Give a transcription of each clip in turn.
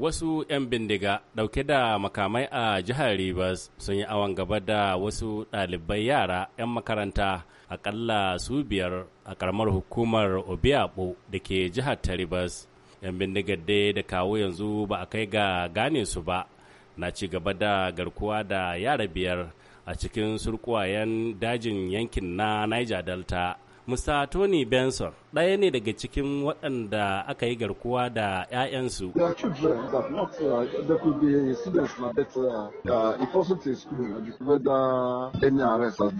wasu 'yan bindiga dauke da makamai a jihar rivers sun yi awon gaba da wasu ɗalibai yara 'yan makaranta akalla su biyar a karamar hukumar obiabo da ke jihar ta rivers 'yan bindigar dai da kawo yanzu ba a kai ga gane su ba na ci gaba da garkuwa da yara biyar a cikin surkuwayen dajin yankin na niger delta Musa Tony Benson ɗaya ne daga cikin waɗanda aka yi garkuwa da 'ya'yansu. Uh, uh, uh,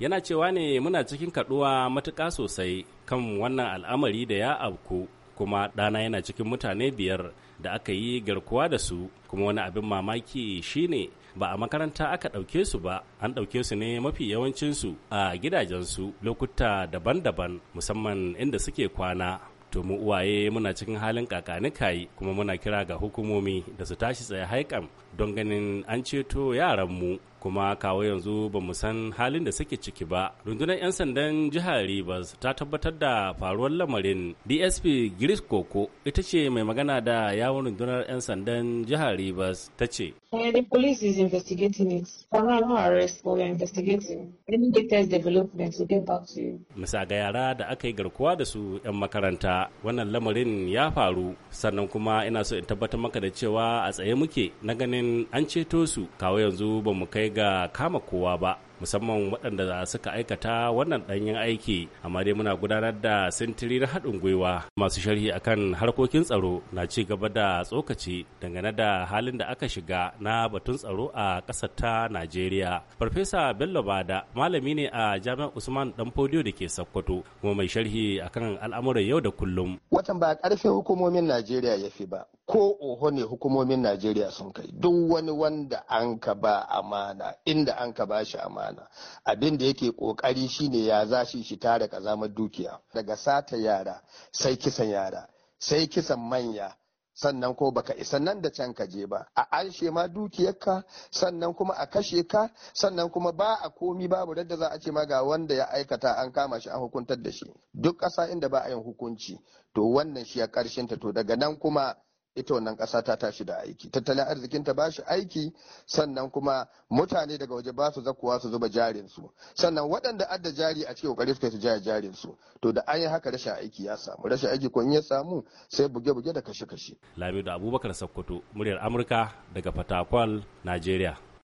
Yana cewa ne muna cikin kaɗuwa matuƙa sosai kan wannan al'amari da ya abku kuma ɗana yana cikin mutane biyar da aka yi garkuwa da su kuma wani abin mamaki shine ba a makaranta aka ɗauke su ba an ɗauke su ne mafi yawancinsu a gidajensu lokuta daban-daban musamman inda suke kwana to mu uwaye muna cikin halin kai kuma muna kira ga hukumomi da su tashi tsaye haikan don ganin an ceto yaranmu kuma kawo yanzu ba san halin da suke ciki ba rundunar 'yan sandan jihar rivers ta tabbatar da faruwar lamarin dsp gris koko ita ce mai magana da yawon rundunar 'yan sandan jihar rivers ta ce eh, Misa ga yara da aka yi garkuwa da su 'yan makaranta wannan lamarin ya faru sannan kuma ina so in tabbatar maka da cewa a tsaye muke na ganin an ceto su kawo yanzu ba mu kai ga kama kowa ba musamman waɗanda suka aikata wannan ɗanyen aiki amma dai muna gudanar da sintiri na haɗin gwiwa masu sharhi akan harkokin tsaro na ci gaba da tsokaci dangane da halin da aka shiga na batun tsaro a ƙasar ta najeriya farfesa bello bada malami ne a jami'ar usman dan fodiyo da ke sokoto kuma mai sharhi akan al'amuran yau da kullum watan ba karfe hukumomin najeriya ya fi ba ko oho ne hukumomin Najeriya sun kai duk wani wanda an ka ba amana inda an ka ba shi amana abin da yake kokari shine ya za shi tare kazamar dukiya daga sata yara sai kisan yara sai kisan manya sannan ko baka isa nan da can ka je ba a anshe ma dukiyarka sannan kuma a kashe ka sannan kuma ba a komi babu da za a ce ma ga wanda ya aikata an kama shi an hukuntar da shi duk ƙasa inda ba a yin hukunci to wannan shi ya ƙarshen ta to daga nan kuma ita wannan ƙasa ta tashi da aiki tattalin arzikin ta ba shi aiki sannan kuma mutane daga waje ba su zakuwa su zuba jarin su sannan waɗanda adda jari a cikin kokari suka su jaya jarin su to da an yi haka rashin aiki ya samu rashin aiki ko in ya samu sai buge-buge da kashe-kashe Lamido Abubakar Sokoto muryar Amurka daga Fatakwal Najeriya